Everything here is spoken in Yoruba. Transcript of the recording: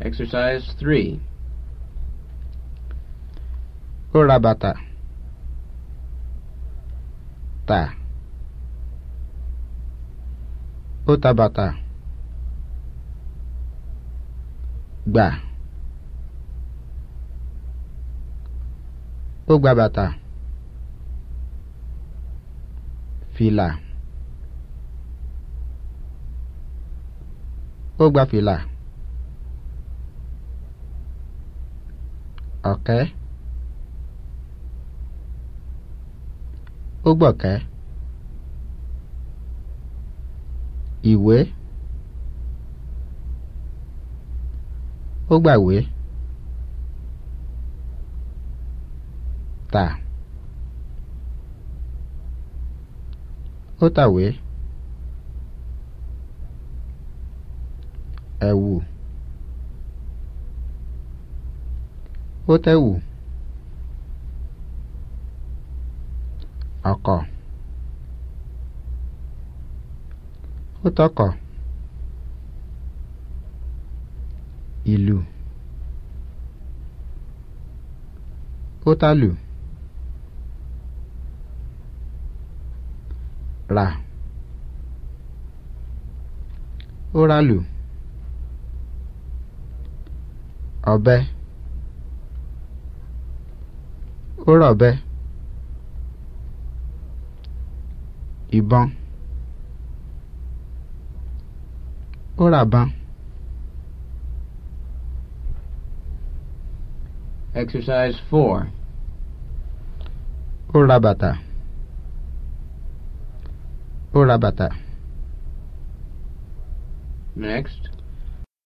Exercise 3. Kurabata. ta Utabata. Gbà. Ó gba bàtà. Fìlà. Ó gba ọ̀kẹ́ ó gbọ̀kẹ́ ìwé ó gbàwé tà ó tàwé ẹ̀wù. E ótẹ́wù ọ̀kọ̀ ótọkọ̀ ìlù ótàlù rà óralù ọ̀bẹ ọ̀rọ̀bẹ ìbọn ọ̀ràbọn. Exercise four. 4. ọ̀ràbàtà ọ̀ràbàtà. Next.